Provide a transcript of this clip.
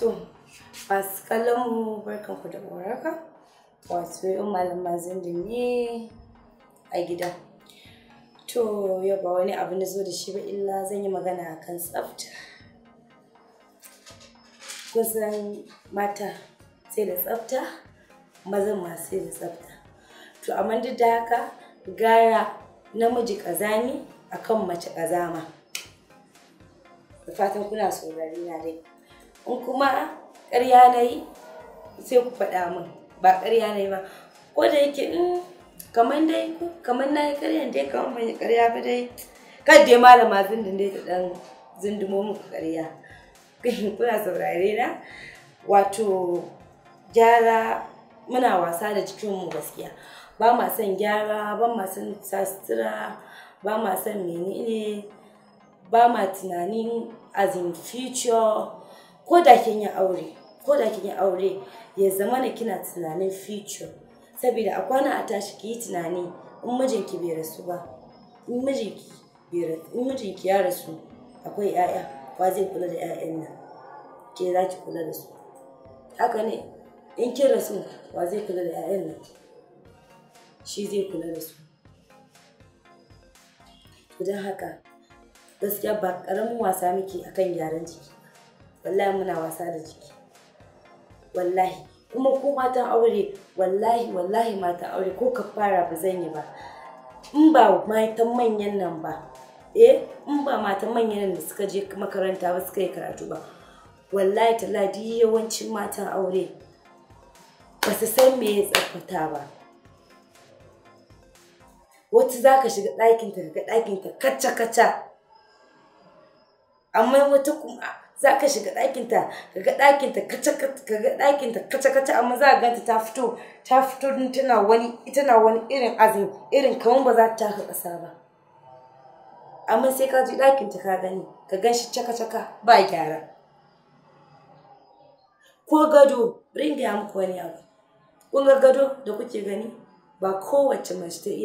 To, masu kallon mu barkanku da waraka. Wato yau malama zindin a gida. To, yau ba wani abu na zo da shi ba illa zan yi magana kan tsafta. Kusan mata sai da tsafta, mazan ma sai da tsafta. To, amma duk da haka gara namiji kazani akan mace kazama. Da fatan kuna saurari na dai. in kuma ƙarya na yi sai ku faɗa min ba ƙarya na yi ba ko da yake in kamar dai kamar na yi ƙaryan dai kamar ban yi ƙarya ba dai kan dai malama zindin dai ta ɗan zindumo mu ƙarya kuna saurare na wato gyara muna wasa da jikinmu gaskiya ba ma son gyara ba ma son sastura ba ma son menene ba ma tunanin as in future ko da kin yi aure ko da kin yi aure ya zama na kina tunanin future saboda a kwana a tashi ki yi tunani in mijinki bai rasu ba in mijinki bai rasu in mijinki ya rasu akwai 'ya'ya kwa zai kula da 'ya'yan nan ke za ki kula da su haka ne in kin rasu wa zai kula da 'ya'yan nan shi zai kula da su don haka gaskiya ba ƙaramin wasa muke akan gyaran jiki wallahi muna wasa da jiki wallahi kuma ko matan aure wallahi wallahi matan aure ko ka fara ba zan yi ba in ba matan manyan nan ba eh in ba matan manyan nan da suka je makaranta ba suka yi karatu ba wallahi ladi yawancin matan aure ba su san me ya tsafata ba wata za ka shiga ɗakinta ka ga ɗakinta kacca-kacca amma wata kuma za ka shiga ɗakinta ka ga ɗakinta kaca kaca kaca amma za ka ganta ta fito ta fito tana wani tana wani irin azumi irin kamar ba za ta taka ƙasa ba amma sai ka ji ɗakinta ka gani ka gan shi caka caka ba gyara ko gado ringa ya muku wani abu kun gado da kuke gani ba kowace mace ta iya